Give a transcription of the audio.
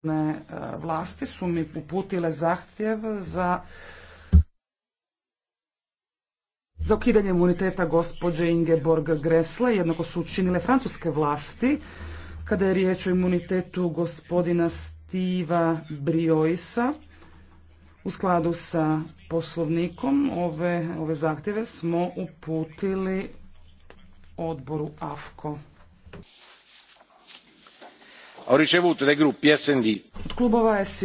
E, vlasti su mi uputile zahtjev za za ukidanje imuniteta gospođe Ingeborg Gresle, jednako su učinile francuske vlasti, kada je riječ o imunitetu gospodina Stiva Brioisa, u skladu sa poslovnikom ove, ove zahtjeve smo uputili odboru AFKO ho ricevuto dai gruppi d.